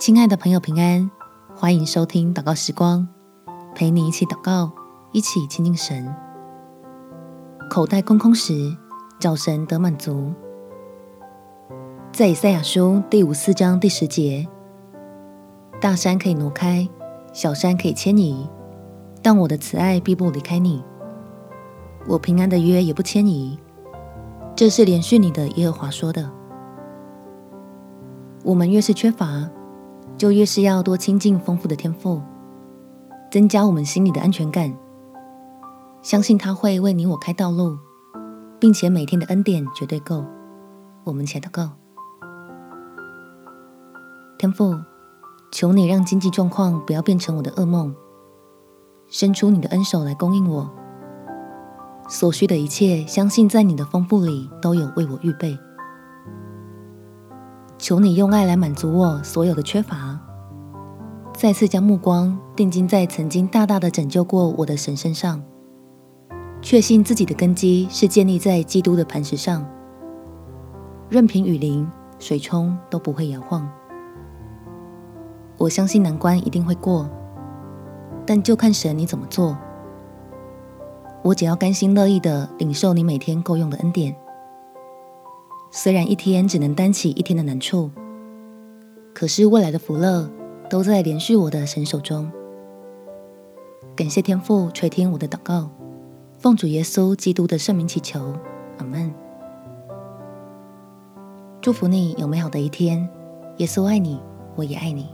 親愛的朋友，平安，歡迎收聽禱告時光，陪你一起禱告，一起親近神。口袋空空時，找神得滿足。在以賽亞書第五四章第十節，大山可以挪開，小山可以遷移，但我的慈愛必不離開你，我平安的約也不遷移。這是憐恤你的耶和華說的。我們越是缺乏，就越是要多親近豐富的天父，增加我們心裡的安全感。相信他會為你我開道路，並且每天的恩典絕對夠，我們且得夠。天父，求你讓經濟狀況不要變成我的噩夢，伸出你的恩手來供應我所需的一切。相信在你的豐富裡都有為我預備。求你用愛來滿足我所有的缺乏，再次將目光定睛在曾經大大的拯救過我的神身上，確信自己的根基是建立在基督的磐石上，任憑雨淋水沖都不會搖晃。我相信難關一定會過，但就看神你怎麼做。我只要甘心樂意的領受你每天夠用的恩典。雖然一天只能擔起一天的難處，可是未來的福樂都在連續我的神手中。感謝天父垂聽我的禱告，奉主耶穌基督的聖名祈求，阿門。祝福你有美好的一天，耶穌愛你，我也愛你。